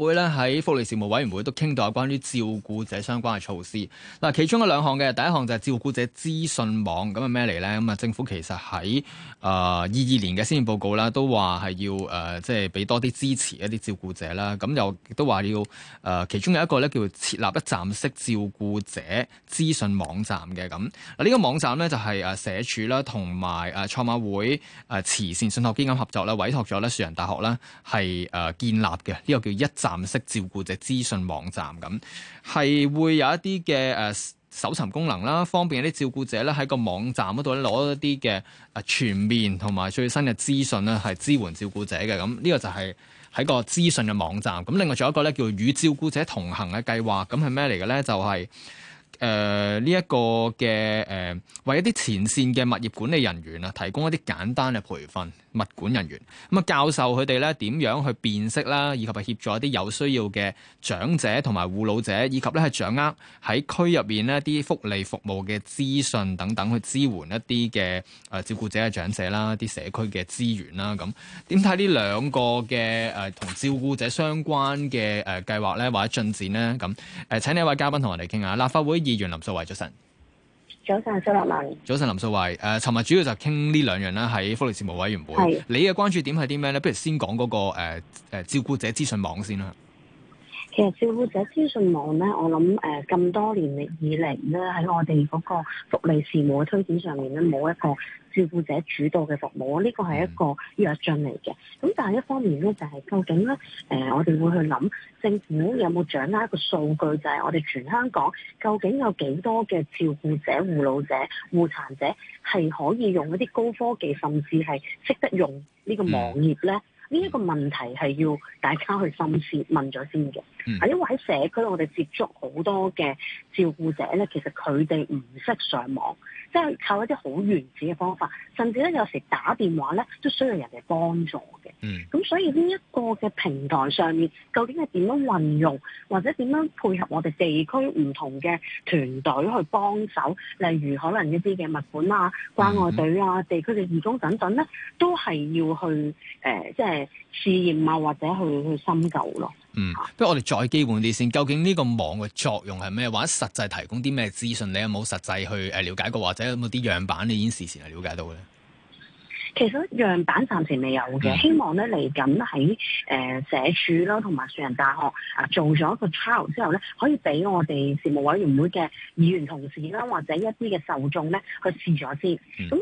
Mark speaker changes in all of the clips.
Speaker 1: 會咧喺福利事務委員會都傾到關於照顧者相關嘅措施。嗱，其中有兩項嘅，第一項就係照顧者資訊網咁係咩嚟咧？咁啊政府其實喺誒二二年嘅施政報告啦，都話係要誒即係俾多啲支持一啲照顧者啦。咁又亦都話要誒、呃，其中有一個咧叫設立一站式照顧者資訊網站嘅。咁嗱，呢個網站咧就係、是、誒社署啦，同埋誒馬會誒慈善信託基金合作啦，委託咗咧樹仁大學啦係誒建立嘅。呢、這個叫一站。藍色照顧者資訊網站，咁係會有一啲嘅誒搜尋功能啦，方便啲照顧者咧喺個網站嗰度咧攞一啲嘅誒全面同埋最新嘅資訊咧，係支援照顧者嘅，咁呢個就係喺個資訊嘅網站。咁另外仲有一個咧叫與照顧者同行嘅計劃，咁係咩嚟嘅咧？就係、是。誒、呃、呢一個嘅誒，為、呃、一啲前線嘅物業管理人員啊，提供一啲簡單嘅培訓，物管人員咁啊，教授佢哋咧點樣去辨識啦，以及係協助一啲有需要嘅長者同埋護老者，以及咧係掌握喺區入面咧啲福利服務嘅資訊等等，去支援一啲嘅誒照顧者嘅長者啦，啲社區嘅資源啦，咁點睇呢兩個嘅誒同照顧者相關嘅誒計劃咧或者進展咧？咁誒、呃，請呢一位嘉賓同我哋傾下立法會。議員林素蔚早晨，
Speaker 2: 早晨蘇立文，
Speaker 1: 早晨林素蔚。誒，尋日、呃、主要就係傾呢兩樣啦，喺福利事務委員會。係你嘅關注點係啲咩咧？不如先講嗰、那個誒誒、呃，照顧者資訊網先啦。其
Speaker 2: 實照顧者資訊網咧，我諗誒咁多年以嚟咧，喺我哋嗰個福利事務嘅推展上面咧，冇一個照顧者主導嘅服務，呢個係一個躍進嚟嘅。咁但係一方面咧，就係、是、究竟咧、呃，我哋會去諗政府有冇掌握一個數據，就係、是、我哋全香港究竟有幾多嘅照顧者、護老者、護殘者係可以用一啲高科技，甚至係識得用呢個網頁咧？呢、嗯、一、這個問題係要大家去深思問咗先嘅。因為喺社區，我哋接觸好多嘅照顧者咧，其實佢哋唔識上網，即係靠一啲好原始嘅方法，甚至咧有時打電話咧都需要人哋幫助嘅。嗯，咁所以呢一個嘅平台上面，究竟係點樣運用，或者點樣配合我哋地區唔同嘅團隊去幫手，例如可能一啲嘅物管啊、關愛隊啊、地區嘅義工等等咧，都係要去誒、呃，即係。試驗啊，或者去去深究咯。嗯，
Speaker 1: 不如我哋再基本啲先。究竟呢個網嘅作用係咩？或者實際提供啲咩資訊？你有冇實際去誒了解過？或者有冇啲樣板？你已經事前係了解到嘅咧？
Speaker 2: 其實樣板暫時未有嘅，嗯，希望咧嚟緊喺誒社署啦，同埋樹仁大學啊，做咗一個 trial 之後咧，可以俾我哋事務委員會嘅議員同事啦，或者一啲嘅受眾咧，去試咗先。咁、嗯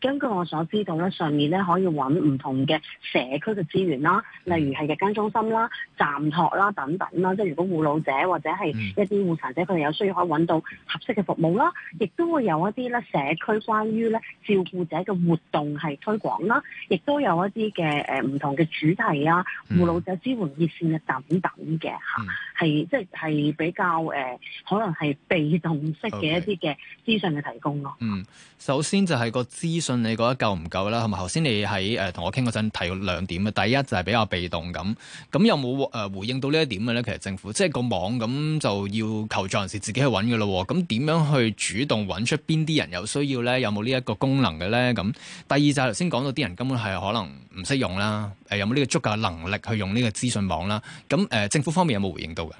Speaker 2: 根據我所知道咧，上面咧可以揾唔同嘅社區嘅資源啦，例如係日間中心啦、暫託啦等等啦。即係如果護老者或者係一啲護殘者，佢、嗯、哋有需要可以揾到合適嘅服務啦。亦都會有一啲咧社區關於咧照顧者嘅活動係推廣啦，亦都有一啲嘅誒唔同嘅主題啊，護老者支援熱線嘅等等嘅嚇，係即係比較誒、呃、可能係被動式嘅一啲嘅資訊嘅提供咯。嗯，
Speaker 1: 首先就係個資訊。信你覺得夠唔夠啦，係咪？頭先你喺誒同我傾嗰陣提過兩點嘅，第一就係比較被動咁，咁有冇誒回應到呢一點嘅咧？其實政府即係個網咁就要求助人士自己去揾嘅咯喎，咁點樣去主動揾出邊啲人有需要咧？有冇呢一個功能嘅咧？咁第二就係頭先講到啲人根本係可能唔識用啦，誒有冇呢個足夠嘅能力去用呢個資訊網啦？咁誒、呃、政府方面有冇回應到嘅？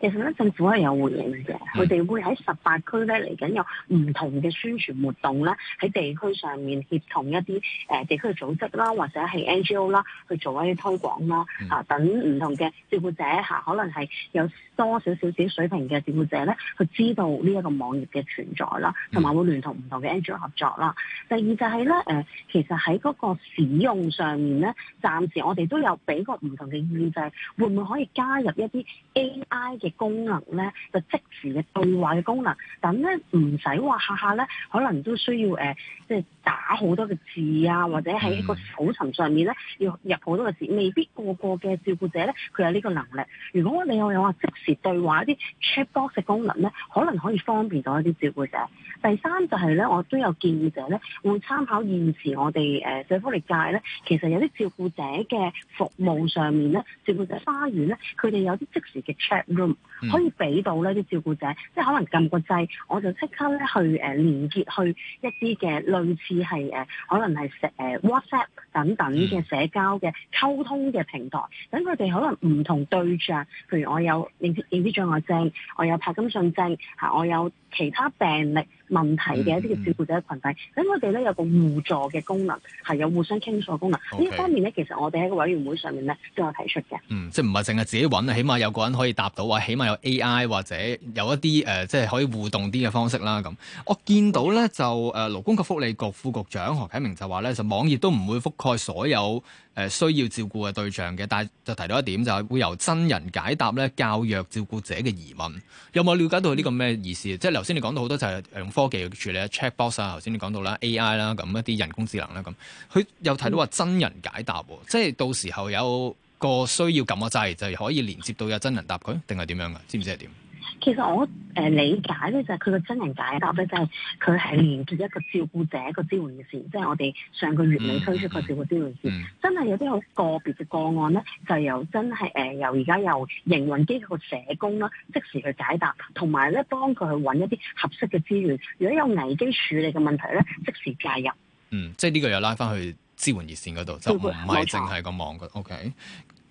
Speaker 2: 其實咧，政府係有回應嘅，佢、嗯、哋會喺十八區咧嚟緊有唔同嘅宣傳活動咧，喺地區上面協同一啲誒、呃、地區嘅組織啦，或者係 NGO 啦去做一啲推廣啦，嚇、嗯啊、等唔同嘅照顧者嚇，可能係有。多少少少水平嘅照顧者咧，佢知道呢一個網頁嘅存在啦，同埋會聯同唔同嘅 Android 合作啦。第二就係咧、呃，其實喺嗰個使用上面咧，暫時我哋都有俾個唔同嘅意見，就係會唔會可以加入一啲 AI 嘅功能咧，就即時嘅對話嘅功能，等咧唔使話下下咧，可能都需要、呃、即係打好多嘅字啊，或者喺一個搜尋上面咧，要入好多嘅字，未必個個嘅照顧者咧，佢有呢個能力。如果你又有話即時對話一啲 chat box 功能咧，可能可以方便到一啲照顧者。第三就係咧，我都有建議就係咧，會參考現時我哋誒社會福利界咧，其實有啲照顧者嘅服務上面咧，照顧者花園咧，佢哋有啲即時嘅 chat room 可以俾到呢啲照顧者，即係可能撳個掣，我就即刻咧去誒連接去一啲嘅類似係誒、呃、可能係誒 WhatsApp 等等嘅社交嘅溝通嘅平台，等佢哋可能唔同對象，譬如我有。影啲障礙症，我有柏金遜症，吓我有其他病歷問題嘅一啲嘅照顧者群體，咁我哋咧有個互助嘅功能，係、嗯、有互相傾訴功能。呢方面咧，其實我哋喺個委員會
Speaker 1: 上面咧都有提出嘅。嗯，即係唔係淨係自己揾啊？起碼有個人可以答到啊，起碼有 AI 或者有一啲誒、呃，即係可以互動啲嘅方式啦。咁我見到咧就誒、呃、勞工及福利局副局長何啟明就話咧，就網頁都唔會覆蓋所有誒、呃、需要照顧嘅對象嘅，但係就提到一點就係會由真人解答咧教約照顧者嘅疑問。有冇了解到呢個咩意思？即係頭先你講到好多就係用科技去處理啊，check box 啊，頭先你講到啦，AI 啦咁一啲人工智能啦咁，佢又提到話真人解答，嗯、即係到時候有個需要撳個掣就可以連接到有真人答佢，定係點樣噶？知唔知係點？
Speaker 2: 其實我誒、呃、理解咧，就係佢個真人解答咧，就係佢係連結一個照顧者一個支援熱線，即、就、係、是、我哋上個月尾推出個照顧支援熱線，嗯嗯、真係有啲好個別嘅個案咧，就有真係、呃、由真係誒由而家由營運機構社工啦，即時去解答，同埋咧幫佢去揾一啲合適嘅資源。如果有危機處理嘅問題咧，即時介入。
Speaker 1: 嗯，即係呢個又拉翻去支援熱線嗰度，就唔係淨係個網嘅。O K。Okay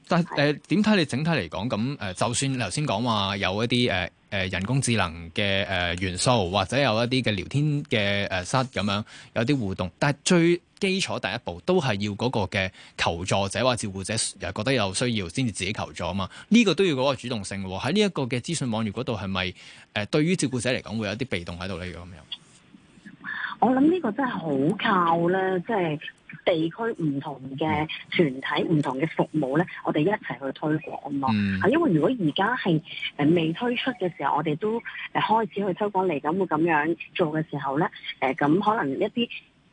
Speaker 1: 但誒點睇你整體嚟講咁誒？就算你頭先講話有一啲誒誒人工智能嘅誒、呃、元素，或者有一啲嘅聊天嘅誒、呃、室咁樣有啲互動，但係最基礎第一步都係要嗰個嘅求助者或照顧者又覺得有需要先至自己求助啊嘛。呢、呢個都要嗰個主動性喎、哦。喺呢一個嘅資訊網頁嗰度係咪誒對於照顧者嚟講會有啲被動喺度咧咁樣？我諗呢個真係
Speaker 2: 好靠咧，即係。地區唔同嘅團體、唔、mm. 同嘅服務咧，我哋一齊去推廣咯。嚇、mm.，因為如果而家係誒未推出嘅時候，我哋都誒開始去推廣嚟，咁會咁樣做嘅時候咧，誒咁可能一啲。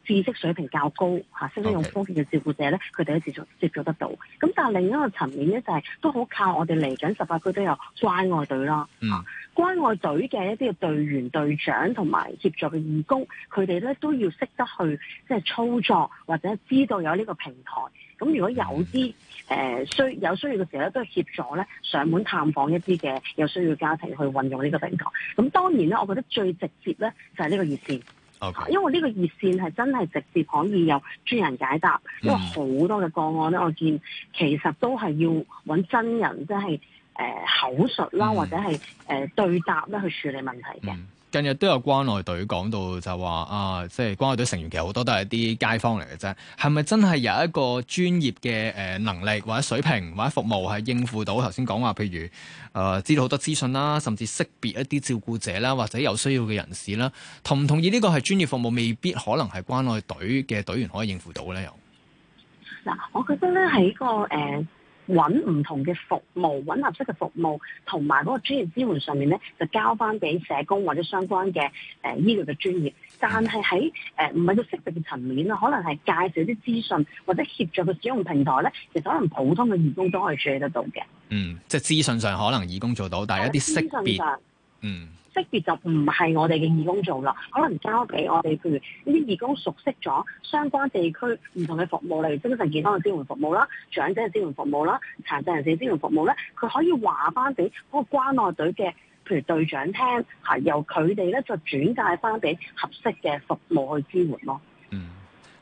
Speaker 2: 知識水平較高嚇，識得用科技嘅照顧者咧，佢哋都接觸接觸得到。咁但係另一個層面咧、就係，就係都好靠我哋嚟緊十八區都有關愛隊啦。嗯、mm.。關愛隊嘅一啲嘅隊員、隊長同埋協助嘅義工，佢哋咧都要識得去即係操作，或者知道有呢個平台。咁如果有啲誒需有需要嘅時候咧，都係協助咧上門探訪一啲嘅有需要嘅家庭去運用呢個平台。咁當然咧，我覺得最直接咧就係呢個熱線。Okay. 因為呢個熱線係真係直接可以有專人解答，因為好多嘅個案咧，我見其實都係要揾真人，即係、呃、口述啦，或者係、呃、對答咧去處理問題嘅。嗯
Speaker 1: 近日都有關愛隊講到就話啊，即係關愛隊成員其實好多都係啲街坊嚟嘅啫，係咪真係有一個專業嘅誒能力、或者水平、或者服務係應付到頭先講話，譬如誒、啊、知道好多資訊啦，甚至識別一啲照顧者啦，或者有需要嘅人士啦，同唔同意呢個係專業服務未必可能係關愛隊嘅隊員可以應付到咧？又
Speaker 2: 嗱，我覺得咧喺個誒。呃揾唔同嘅服務，揾合適嘅服務，同埋嗰個專業支援上面咧，就交翻俾社工或者相關嘅誒醫療嘅專業。但係喺唔係個識別嘅層面啦，可能係介紹啲資訊或者協助個使用平台咧，其實可能普通嘅義工都可以處理得到嘅。嗯，
Speaker 1: 即係資訊上可能義工做到，但係一啲識別，嗯。
Speaker 2: 識別就唔係我哋嘅義工做啦，可能交俾我哋，譬如呢啲義工熟悉咗相關地區唔同嘅服務，例如精神健康嘅支援服務啦、長者嘅支援服務啦、殘疾人士支援服務咧，佢可以話翻俾嗰個關愛隊嘅譬如隊長聽，係由佢哋咧再轉介翻俾合適嘅服務去支援咯。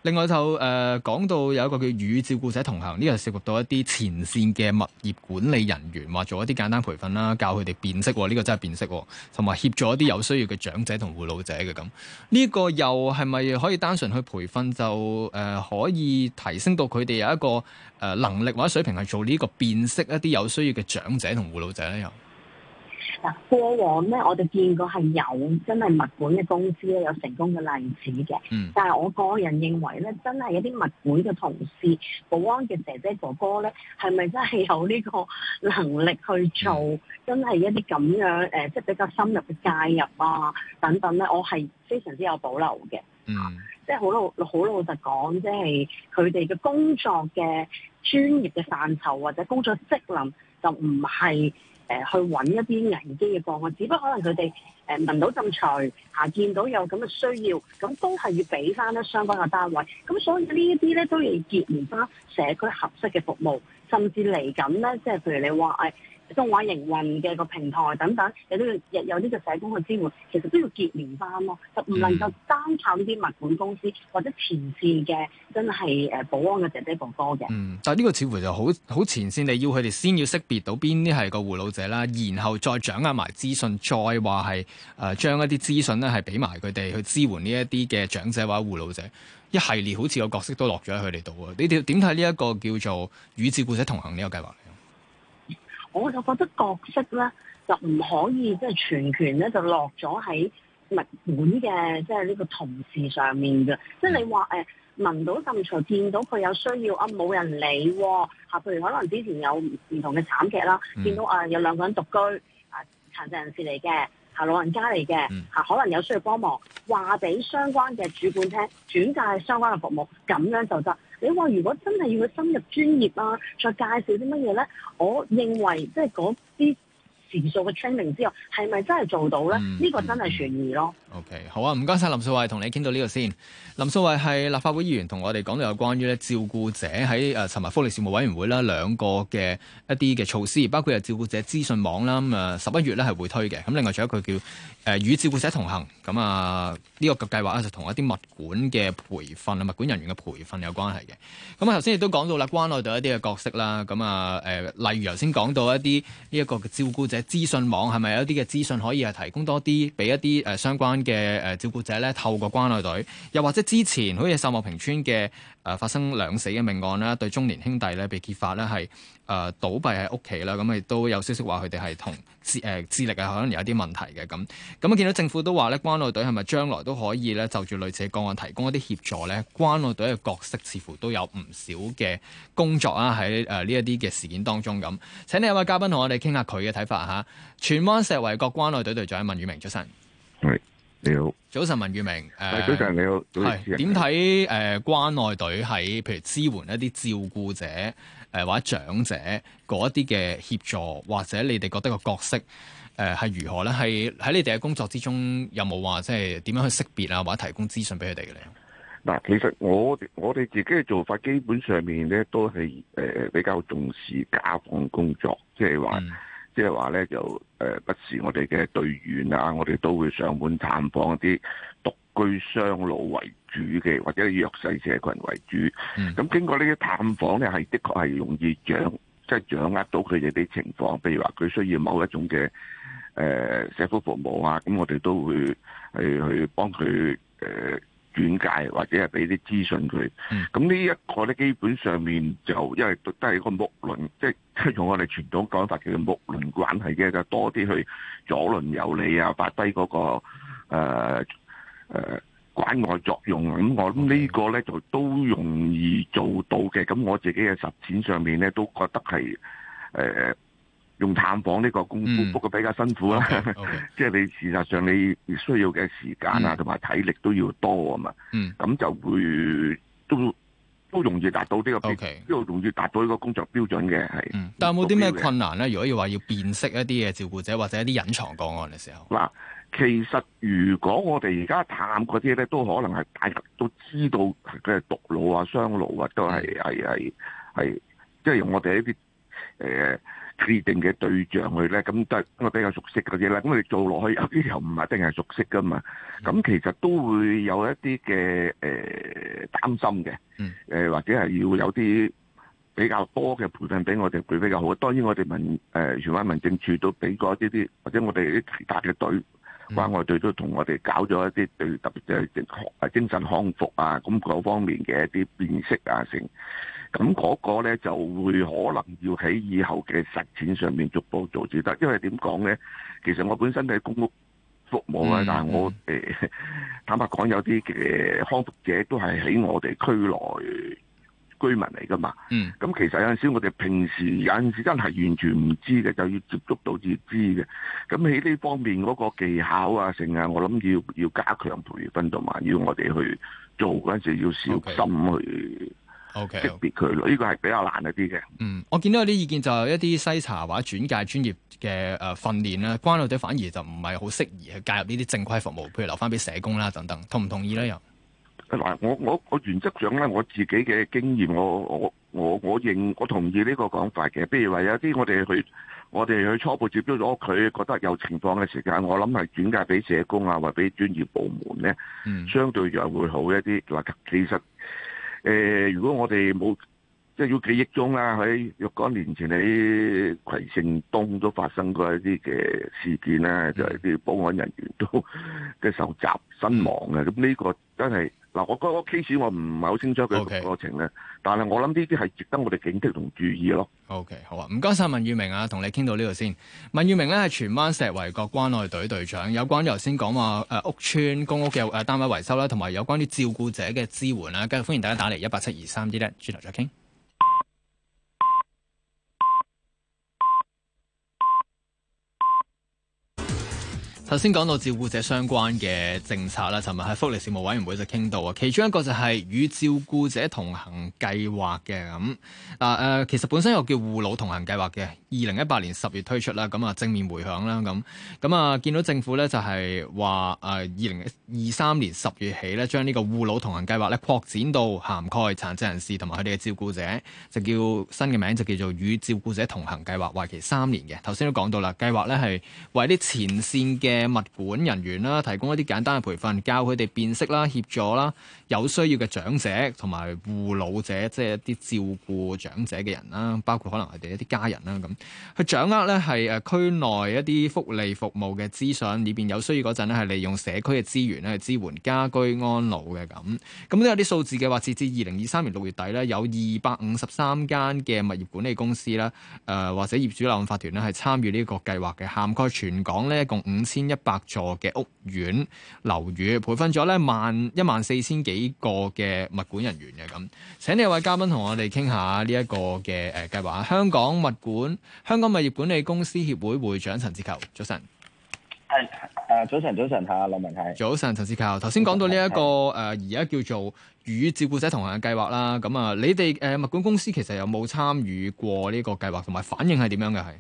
Speaker 1: 另外就誒、呃、講到有一個叫與照顧者同行，呢、這個是涉及到一啲前線嘅物業管理人員，話做一啲簡單培訓啦，教佢哋辨識，呢、這個真係辨識，同埋協助一啲有需要嘅長者同護老者嘅咁。呢個又係咪可以單純去培訓就誒、呃、可以提升到佢哋有一個誒能力或者水平係做呢個辨識一啲有需要嘅長者同護老者呢？又？
Speaker 2: 嗱，過往咧，我哋見過係有真係物管嘅公司咧有成功嘅例子嘅。嗯。但係我個人認為咧，真係一啲物管嘅同事、保安嘅姐姐哥哥咧，係咪真係有呢個能力去做、嗯、真係一啲咁樣呃、即係比較深入嘅介入啊等等咧？我係非常之有保留嘅。嗯。即係好老好老實講，即係佢哋嘅工作嘅專業嘅範疇或者工作職能就唔係。誒去揾一啲危機嘅個案，只不過可能佢哋誒聞到陣財嚇，見到有咁嘅需要，咁都係要俾翻咧相關嘅單位。咁所以這些呢一啲咧都要結連翻社區合適嘅服務，甚至嚟緊咧，即係譬如你話誒，中環營運嘅個平台等等，有呢個有呢個社工去支援，其實都要結連翻咯，就唔能夠單靠呢啲物管公司或者前線嘅真
Speaker 1: 係誒保安嘅姐姐哥哥嘅。嗯，但係呢個似乎就好好前線，你要佢哋先要識別到邊啲係個護老者啦，然後再掌握埋資訊，再話係誒將一啲資訊咧係俾埋佢哋去支援呢一啲嘅長者或者護老者，一系列好似個角色都落咗喺佢哋度。你哋點睇呢一個叫做與照顧者同行呢個計劃？
Speaker 2: 我就覺得角色咧就唔可以即係全權咧就落咗喺物管嘅即係呢個同事上面嘅，即係你話誒聞到甚處，見到佢有需要啊，冇人理、哦，嚇！譬如可能之前有唔同嘅慘劇啦、嗯，見到啊有兩個人獨居啊、呃，殘疾人士嚟嘅，嚇老人家嚟嘅，嚇、嗯、可能有需要幫忙，話俾相關嘅主管聽，轉介相關嘅服務，咁樣就得。你話如果真係要佢深入專業啊，再介紹啲乜嘢咧？我認為即係嗰啲。字數嘅清明之後，係咪真
Speaker 1: 係做到咧？呢、嗯，這個真係存疑咯。OK，好啊，唔該晒。林素蔚，同你傾到呢度先。林素蔚係立法會議員，同我哋講到有關於咧照顧者喺誒尋日福利事務委員會啦，兩個嘅一啲嘅措施，包括係照顧者資訊網啦。咁、嗯、啊，十、呃、一月咧係會推嘅。咁另外仲有一個叫誒、呃、與照顧者同行。咁、嗯、啊，呢、這個嘅計劃咧就同一啲物管嘅培訓啊，物管人員嘅培訓有關係嘅。咁、嗯、啊，頭先亦都講到啦，關愛隊一啲嘅角色啦。咁啊，誒、呃，例如頭先講到一啲呢一個嘅照顧者。資訊網係咪有一啲嘅資訊可以係提供多啲俾一啲誒相關嘅誒照顧者咧？透過關愛隊，又或者之前好似秀茂坪村嘅誒發生兩死嘅命案啦，對中年兄弟咧被揭發咧係，誒、呃、倒閉喺屋企啦，咁亦都有消息話佢哋係同智誒、呃、智力啊，可能有啲問題嘅咁。咁啊見到政府都話咧，關愛隊係咪將來都可以咧就住類似嘅個案提供一啲協助咧？關愛隊嘅角色似乎都有唔少嘅工作啊。喺誒呢一啲嘅事件當中咁。請你有位嘉賓同我哋傾下佢嘅睇法嚇。荃灣石圍角關愛隊隊長文裕明出身。你好，早晨，文裕明。早晨，你好。係點睇誒？是關愛隊喺譬如支援一啲照顧者誒、呃，或者長者嗰一啲嘅協助，或者你哋覺得個角色誒係、呃、如何咧？係喺你哋嘅工作之中，有冇話即係點樣去識別啊？或者提供資訊俾佢哋嘅咧？
Speaker 3: 嗱，其實我我哋自己嘅做法，基本上面咧都係誒比較重視家訪工作，即係話。嗯即係話咧，就誒，不時我哋嘅隊員啊，我哋都會上門探訪一啲獨居、雙老為主嘅，或者是弱勢社群為主。咁經過這些訪呢啲探訪咧，係的確係容易掌，即係掌握到佢哋啲情況。譬如話佢需要某一種嘅誒，社福服務啊，咁我哋都會去去幫佢誒。呃轉介或者係俾啲資訊佢，咁、嗯、呢一個咧，基本上面就因為都係一個木輪，即、就、係、是、用我哋傳統講法叫木輪關係嘅，就多啲去左鄰右里呀，發揮嗰、那個誒誒、呃呃、關愛作用。咁我諗呢個呢、嗯、就都容易做到嘅。咁我自己嘅實踐上面呢，都覺得係誒。呃用探訪呢個功夫，不過比較辛苦啦。即、okay, 係、okay, 你事實上你需要嘅時間啊，同、嗯、埋體力都要多啊嘛。咁、嗯、就會都都容易達到呢個，都容易達到呢個、okay, 個工作標準嘅係、嗯。
Speaker 1: 但係有冇啲咩困難咧？如果要話要辨識一啲嘅照顧者或者一啲隱藏個案嘅時候，
Speaker 3: 嗱，其實如果我哋而家探嗰啲咧，都可能係大家都知道佢係獨老啊、雙老啊，都係係係係，即係用我哋一啲誒。呃指定嘅對象去咧，咁都係比較熟悉嗰啲啦。咁你做落去有啲又唔係一定係熟悉噶嘛，咁其實都會有一啲嘅誒擔心嘅。嗯、呃。誒或者係要有啲比較多嘅培訓俾我哋隊比，比較好。當然我哋民誒呃、荃灣民政處都俾過一啲啲，或者我哋啲其他嘅隊、關愛隊都同我哋搞咗一啲隊，特別即係精精神康復啊，咁嗰方面嘅一啲辨識啊成。咁嗰個咧就會可能要喺以後嘅實踐上面逐步做至得，因為點講咧？其實我本身都係公屋服務啊、嗯，但我誒、嗯、坦白講，有啲嘅康復者都係喺我哋區內居民嚟噶嘛。咁、嗯、其實有陣時我哋平時有陣時真係完全唔知嘅，就要接觸到至知嘅。咁喺呢方面嗰個技巧啊、成日，我諗要要加強培訓同埋要我哋去做嗰陣時要小心去、okay.。O K，別佢咯，呢個係比較難一啲嘅。嗯，
Speaker 1: 我見到有啲意見就係一啲篩查或者轉介專業嘅誒訓練啦，關老者反而就唔係好適宜去介入呢啲正規服務，譬如留翻俾社工啦等等，同唔同意咧？又
Speaker 3: 嗱，我我我原則上咧，我自己嘅經驗，我我我我認我同意呢個講法嘅。譬如話有啲我哋去我哋去初步接觸咗，佢覺得有情況嘅時間，我諗係轉介俾社工啊，或俾專業部門咧、嗯，相對就會好一啲。話其實。誒，如果我哋冇。即係要幾億宗啦。喺若干年前，喺葵盛東都發生過一啲嘅事件啦。就係、是、啲保安人員都嘅受襲身亡嘅。咁呢個真係嗱，那個、個我嗰個 case 我唔係好清楚佢個過程咧，okay。但係我諗呢啲係值得我哋警惕同注意咯。O、
Speaker 1: okay, K，好啊，唔該晒。文裕明啊，同你傾到呢度先。文裕明咧係荃灣石圍角關愛隊隊長，有關頭先講話誒屋邨公屋嘅誒單位維修啦，同埋有關啲照顧者嘅支援啦，今日歡迎大家打嚟一八七二三 D 咧，轉頭再傾。首先講到照顧者相關嘅政策啦，尋日喺福利事務委員會就傾到啊，其中一個就係與照顧者同行計劃嘅。咁嗱誒，其實本身又叫護老同行計劃嘅，二零一八年十月推出啦，咁啊正面回響啦咁咁啊見到政府咧就係話誒二零二三年十月起咧，將呢個護老同行計劃咧擴展到涵蓋殘疾人士同埋佢哋嘅照顧者，就叫新嘅名就叫做與照顧者同行計劃，為期三年嘅。頭先都講到啦，計劃咧係為啲前線嘅。嘅物管人員啦，提供一啲簡單嘅培訓，教佢哋辨識啦、協助啦，有需要嘅長者同埋護老者，即係一啲照顧長者嘅人啦，包括可能係一啲家人啦，咁去掌握咧係誒區內一啲福利服務嘅資訊，以便有需要嗰陣咧係利用社區嘅資源咧去支援家居安老嘅咁。咁都有啲數字嘅話，截至二零二三年六月底咧，有二百五十三間嘅物業管理公司啦，誒、呃、或者業主立案法團呢，係參與呢個計劃嘅，涵蓋全港咧共五千一百座嘅屋苑樓宇，培訓咗咧萬一萬四千幾個嘅物管人員嘅咁，請呢位嘉賓同我哋傾下呢一個嘅誒計劃。香港物管，香港物業管理公司協會會長陳志球，早晨。係誒，早晨，早晨吓，林文泰。早晨，陳志球，頭先講到呢一個誒而家叫做與照顧者同行嘅計劃啦。咁啊，你哋誒物管公司其實有冇參與過呢個計劃，同埋反應係點樣嘅係？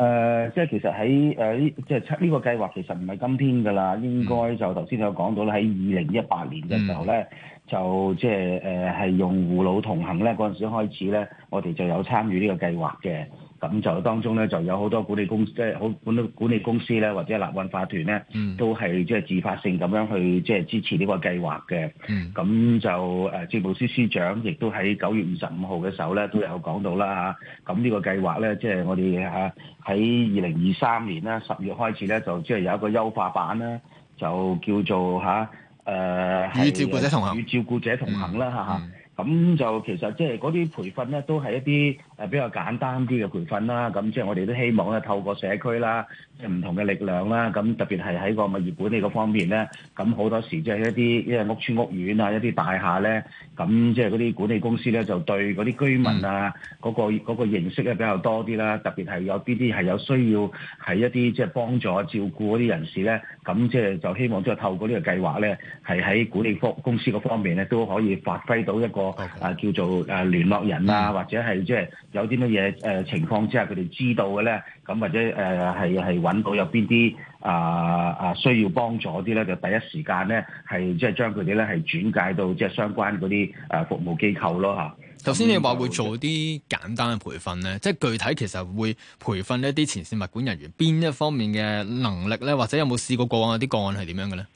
Speaker 4: 誒，即係其實喺誒呢，即係呢個計劃，其實唔係、呃這個、今天噶啦、嗯，應該就頭先有講到咧，喺二零一八年嘅時候咧、嗯，就即係誒係用護老同行咧嗰陣時開始咧，我哋就有參與呢個計劃嘅。咁就當中咧，就有好多管理公即係好管管理公司咧，或者立運法團咧、嗯，都係即係自發性咁樣去即係支持呢個計劃嘅。咁、嗯、就誒，政務司司長亦都喺九月二十五號嘅時候咧，都有講到啦。咁呢個計劃咧，即、就、係、是、我哋啊喺二零二三年啦，十月開始咧，就即係有一個優化版啦，就叫做嚇誒，與、啊呃、照顧者同行，與照顧者同行啦。咁就其實即係嗰啲培訓咧，都係一啲。誒比較簡單啲嘅培訓啦，咁即係我哋都希望咧，透過社區啦，即係唔同嘅力量啦，咁特別係喺個物業管理嗰方面咧，咁好多時即係一啲，因為屋邨屋苑啊，一啲大廈咧，咁即係嗰啲管理公司咧就對嗰啲居民啊，嗰個嗰個認識咧，比較多啲啦，特別係有啲啲係有需要係一啲即係幫助照顧嗰啲人士咧，咁即係就希望即係透過呢個計劃咧，係喺管理方公司嗰方面咧都可以發揮到一個、okay. 啊、叫做誒、啊、聯絡人啊，或者係即係。有啲乜嘢誒情況之下，佢哋知道嘅咧，咁或者誒係係揾到有邊啲啊啊需要幫助啲咧，就第一時間咧係即係將佢哋咧係轉介到即係相關嗰啲誒服務機構咯吓，
Speaker 1: 頭先你話會做啲簡單嘅培訓咧，即係具體其實會培訓一啲前線物管人員邊一方面嘅能力咧，或者有冇試過過往啲個案係點樣嘅咧？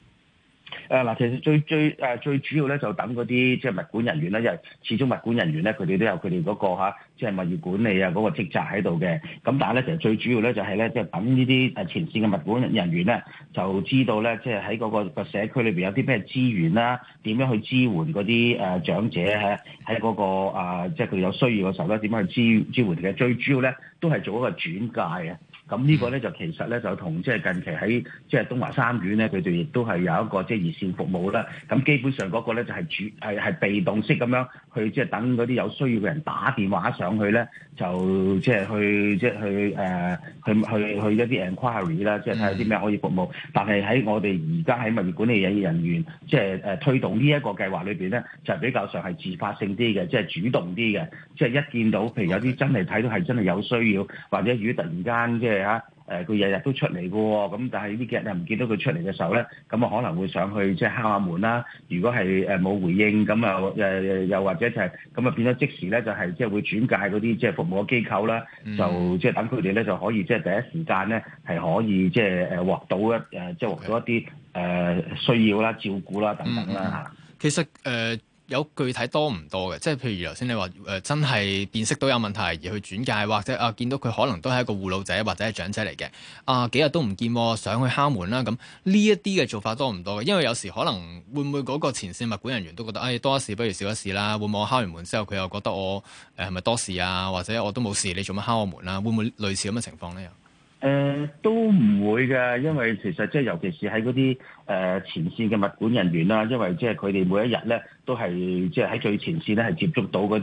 Speaker 4: 誒、啊、嗱，其實最最誒最主要咧，就等嗰啲即係物管人員咧，因為始終物管人員咧，佢哋都有佢哋嗰個即係、啊即係、物業管理啊嗰、個職責喺度嘅。咁但係咧，其實最主要咧，就係咧，即係等呢啲誒前線嘅物管人員咧，就知道咧，即係喺嗰個社區裏面有啲咩資源啦，點樣去支援嗰啲誒長者喺喺嗰個啊，即係佢有需要嘅時候咧，點樣去支支援嘅。最主要咧，都係做一個轉介。咁呢個咧就其實咧就同即係近期喺即係東華三院咧，佢哋亦都係有一個即係熱線服務啦。咁基本上嗰個咧就係主係係被動式咁樣去即係等嗰啲有需要嘅人打電話上去咧，就即係去即係、即係、去誒、呃、去去去一啲 enquiry 啦，即係睇下啲咩可以服務。但係喺我哋而家喺物業管理人員即係、誒、推動呢一個計劃裏面咧，就比較上係自發性啲嘅，即係主動啲嘅，即係一見到譬如有啲真係睇到係真係有需要，或者如果突然間即係係啊，誒佢日日都出嚟嘅喎，咁但係呢幾日又唔見到佢出嚟嘅時候咧，咁啊可能會上去即係敲下門啦。如果係誒冇回應，咁啊誒又或者就係咁啊變咗即時咧，就係即係會轉介嗰啲即係服務嘅機構啦，嗯、就即係等佢哋咧就可以即係第一時間咧係可以即係誒獲到一誒即係獲到一啲誒需
Speaker 1: 要啦、照顧啦等等啦嚇、嗯嗯。其實誒。呃有具體多唔多嘅，即係譬如如頭先你話、呃、真係辨識都有問題而去轉介，或者啊見到佢可能都係一個護老者或者係長者嚟嘅，啊幾日都唔見喎、啊，上去敲門啦咁呢一啲嘅做法多唔多嘅？因為有時可能會唔會嗰個前線物管人員都覺得誒、哎、多一事不如少一事啦，會唔會我敲完門之後佢又覺得我係咪多事啊？或者我都冇事，你做乜敲我門啊？會唔會類似咁嘅情況呢？
Speaker 4: 誒、呃、都唔會嘅，因為其實即係尤其是喺嗰啲誒前線嘅物管人員啦，因為即係佢哋每一日咧都係即係喺最前線咧係接觸到嗰啲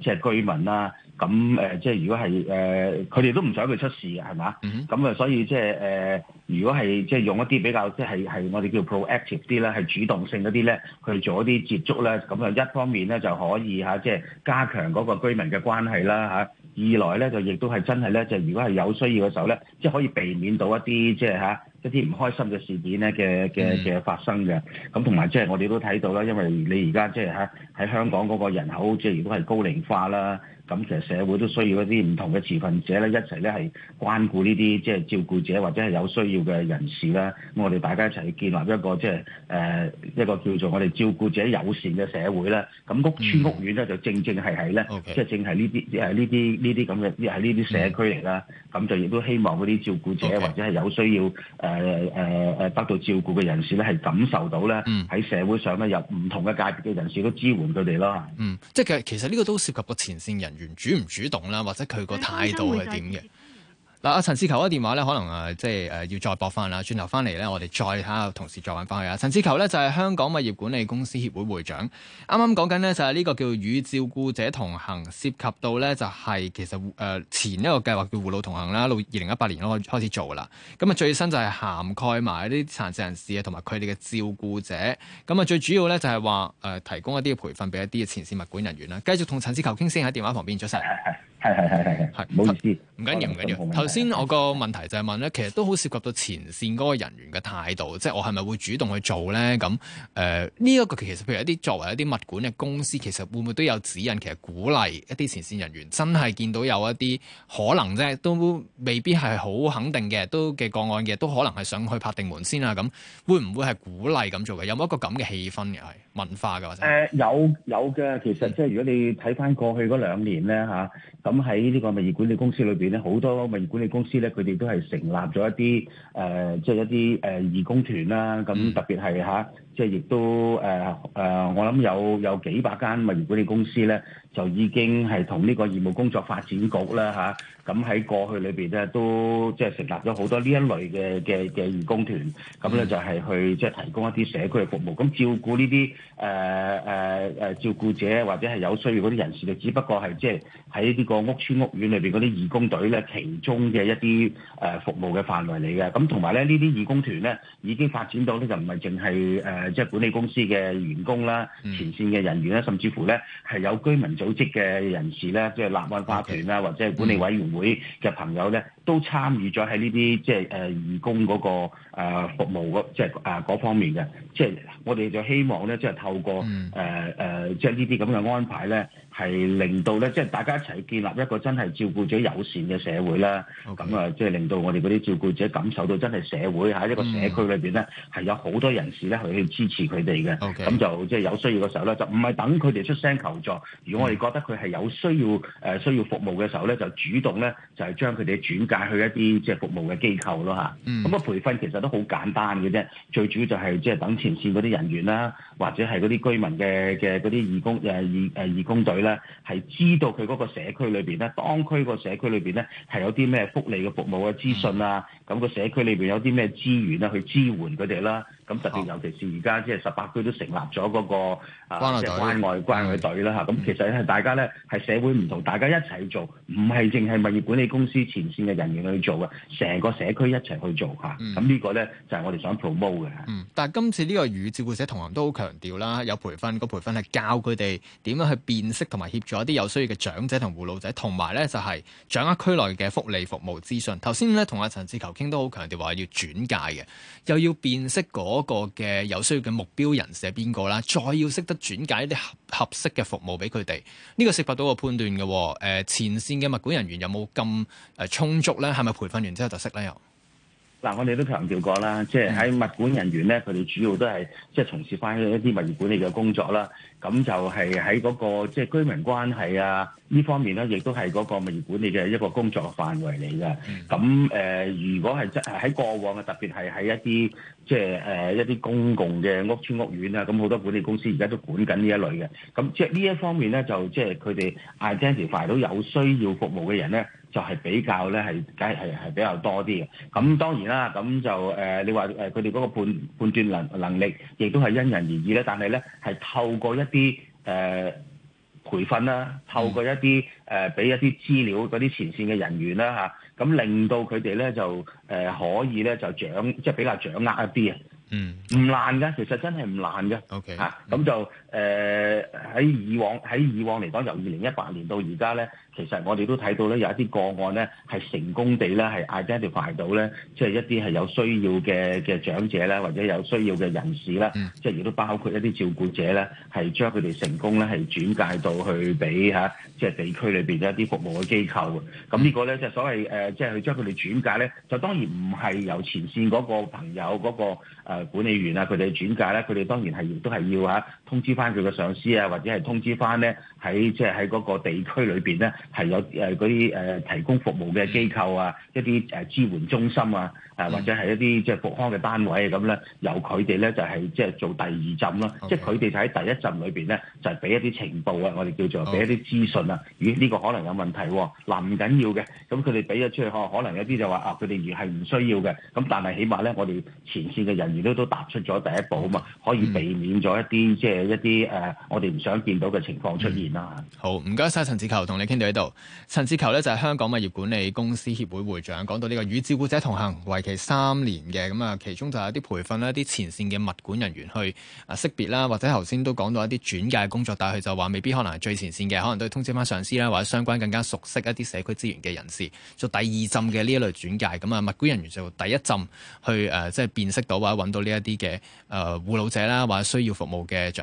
Speaker 4: 即係居民啦。咁即係如果係誒，佢哋都唔想佢出事嘅，係嘛？咁啊，所以即係誒，如果係即係用一啲比較即係係我哋叫 proactive 啲啦，係主動性嗰啲咧，去做一啲接觸咧，咁啊一方面咧就可以吓，即係加強嗰個居民嘅關係啦吓二來咧就亦都係真係咧，就如果係有需要嘅時候咧，即係可以避免到一啲即係吓一啲唔開心嘅事件咧嘅嘅嘅發生嘅。咁同埋即係我哋都睇到啦，因為你而家即係喺香港嗰個人口即係如果係高齡化啦。咁其實社會都需要一啲唔同嘅持份者咧，一齊咧係關顧呢啲即係照顧者或者係有需要嘅人士啦。咁我哋大家一齊建立一個即係誒、呃、一個叫做我哋照顧者友善嘅社會啦。咁屋邨屋苑咧就正正係喺咧，即係正係呢啲呢啲呢啲咁嘅即係呢啲社區嚟啦。咁、嗯、就亦都希望嗰啲照顧者或者係有需要誒誒、okay. 呃、得到照顧嘅人士咧，係感
Speaker 1: 受到咧喺社會上咧有唔同嘅界別嘅人士都支援佢哋咯。嗯，即係其實呢個都涉及個前線人。原主唔主動啦，或者佢個態度係點嘅？嗱、呃呃，陳志球嘅電話咧可能誒，即係誒要再駁翻啦。轉頭翻嚟咧，我哋再睇下，同事再揾翻佢啊。陳志球咧就係、是、香港物業管理公司協會會長。啱啱講緊呢就係呢個叫與照顧者同行，涉及到咧就係其實誒、呃、前一個計劃叫護老同行啦，到二零一八年開開始做啦。咁啊最新就係涵蓋埋啲殘疾人士啊，同埋佢哋嘅照顧者。咁啊最主要咧就係話誒提供一啲嘅培訓俾一啲嘅前線物管人員啦。繼續同陳志球傾先喺電話旁邊，早晨。
Speaker 4: 係係係係係，冇意
Speaker 1: 思，唔緊要唔緊要。頭先我個問題就係問咧，其實都好涉及到前線嗰個人員嘅態度，即係我係咪會主動去做咧？咁誒呢一個其實譬如一啲作為一啲物管嘅公司，其實會唔會都有指引，其實鼓勵一啲前線人員真係見到有一啲可能即係，都未必係好肯定嘅，都嘅個案嘅，都可能係想去拍定門先啊？咁會唔會係鼓勵咁做嘅？有冇一個咁嘅氣氛嘅係文化嘅？誒
Speaker 4: 有有嘅，其實即係，嗯，如果你睇翻過去嗰兩年咧嚇，啊咁喺呢個物業管理公司裏邊咧，好多物業管理公司咧，佢哋都係成立咗一啲誒，即係一啲誒義工團啦。咁特別係吓。啊即係亦都誒誒、呃，我諗有有幾百間物業管理公司咧，就已經係同呢個義務工作發展局啦嚇，咁、啊、喺過去裏邊咧都即係成立咗好多呢一類嘅嘅嘅義工團，咁咧就係去即係提供一啲社區嘅服務，咁照顧呢啲誒誒誒照顧者或者係有需要嗰啲人士，就只不過係即係喺呢個屋邨屋苑裏邊嗰啲義工隊咧，其中嘅一啲誒服務嘅範圍嚟嘅。咁同埋咧呢啲義工團咧已經發展到咧就唔係淨係誒。呃誒即係管理公司嘅員工啦，前線嘅人員啦，甚至乎咧係有居民組織嘅人士咧，即係立案法團啦，Okay. 或者係管理委員會嘅朋友咧，都參與咗喺呢啲即係誒義工嗰、那個、呃、服務嗰即係啊方面嘅。即、就、係、是、我哋就希望咧，即、就、係、是、透過誒誒將呢啲咁嘅安排咧。呃係令到咧，即係大家一齊建立一個真係照顧者友善嘅社會啦。咁啊，即係令到我哋嗰啲照顧者感受到真係社會喺、okay. 一個社區裏面咧，係有好多人士咧去去支持佢哋嘅。咁、okay. 就即係有需要嘅時候咧，就唔係等佢哋出聲求助。如果我哋覺得佢係有需要、呃、需要服務嘅時候咧，就主動咧就係將佢哋轉介去一啲即係服務嘅機構咯吓，咁、okay. 個培訓其實都好簡單嘅啫，最主要就係即係等前線嗰啲人員啦，或者係嗰啲居民嘅嘅嗰啲義工誒、呃、義，義工隊。咧係知道佢嗰個社區裏邊咧，當區個社區裏邊咧係有啲咩福利嘅服務啊、資訊啊，咁個社區裏邊有啲咩資源啊，去支援佢哋啦。咁特別，尤其是而家即係十八區都成立咗嗰、那個關、啊、關愛關愛隊啦，咁其實大家咧係社會唔同，大家一齊做，唔係淨係物業管理公司前線嘅人員去做
Speaker 1: 嘅，成個社區一齊去做咁，嗯啊，這個、呢個咧就係、是、我哋想 promote 嘅、嗯。但係今次呢個與照顧者同行都好強調啦，有培訓，個培訓係教佢哋點樣去辨識同埋協助一啲有需要嘅長者同護老者，同埋咧就係、是、掌握區內嘅福利服務資訊。頭先咧同阿陳志球傾都好強調話要轉介嘅，又要辨識、那個嗰個嘅有需要嘅目標人士係邊個啦？再要識得轉介一啲合合適嘅服務俾佢哋。呢個識發到個判斷嘅。誒，前線嘅物管人員有冇咁誒充足咧？係咪培訓完之後就識咧又？
Speaker 4: 嗱，我哋都強調過啦，即係喺物管人員咧，佢哋主要都係即係從事翻一啲物業管理嘅工作啦。咁就係喺嗰個即係、就是、居民關係啊呢方面咧，亦都係嗰個物業管理嘅一個工作範圍嚟嘅。咁誒、呃，如果係即係喺過往嘅，特別係喺一啲即係誒一啲公共嘅屋邨屋苑啊，咁好多管理公司而家都管緊呢一類嘅。咁即係呢一方面咧，就即係佢哋 identify 到有需要服務嘅人咧。就係、是、比較咧，係梗係係比較多啲嘅。咁當然啦，咁就誒，你話誒佢哋嗰個判判斷能能力，亦都係因人而異啦。但係咧，係透過一啲誒、呃、培訓啦，透過一啲誒俾一啲資料嗰啲前線嘅人員啦嚇，咁、啊、令到佢哋咧就誒、呃、可以咧就掌即係、就是、比較掌握一啲啊。嗯，唔難㗎，其實真係唔難嘅。OK 嚇、啊，咁就誒喺、呃、以往喺以往嚟講，由二零一八年到而家咧。其實我哋都睇到咧，有一啲個案咧係成功地咧係 identify 到咧，即係一啲係有需要嘅嘅長者啦，或者有需要嘅人士啦，即係亦都包括一啲照顧者咧，係將佢哋成功咧係轉介到去俾嚇，即係地區裏邊一啲服務嘅機構。咁呢個咧即係所謂呃，即係去將佢哋轉介咧，就當然唔係由前線嗰個朋友嗰個誒管理員啊，佢哋轉介咧，佢哋當然係亦都係要嚇通知返佢嘅上司啊，或者係通知返咧喺即係喺嗰個地區裏面咧係有嗰啲提供服務嘅機構啊，一啲誒支援中心啊，或者係一啲即係復康嘅單位咁咧，由佢哋咧就係即係做第二陣啦。Okay. 即係佢哋就喺第一陣裏面咧，就係俾一啲情報啊，我哋叫做俾一啲資訊啊。Okay. 咦？呢個可能有問題喎。嗱，唔緊要嘅。咁佢哋俾咗出去，可能有啲就話啊，佢哋而係唔需要嘅。咁但係起碼咧，我哋前線嘅人員都都踏出咗第一步啊嘛，
Speaker 1: 可以避免咗一啲、okay. 即一啲誒、呃，我哋唔想見到嘅情況出現啦、嗯。好，唔該晒陳志球，同你傾到呢度。陳志球呢就係香港物業管理公司協會會長，講到呢個與照顧者同行，為期三年嘅，咁啊，其中就有啲培訓啦，啲前線嘅物管人員去啊識別啦，或者頭先都講到一啲轉介工作，但係佢就話未必可能係最前線嘅，可能都要通知翻上司啦，或者相關更加熟悉一啲社區資源嘅人士做第二浸嘅呢一類轉介。咁啊，物管人員就第一浸去誒、呃、即係辨識到或者揾到呢一啲嘅誒護老者啦，或者需要服務嘅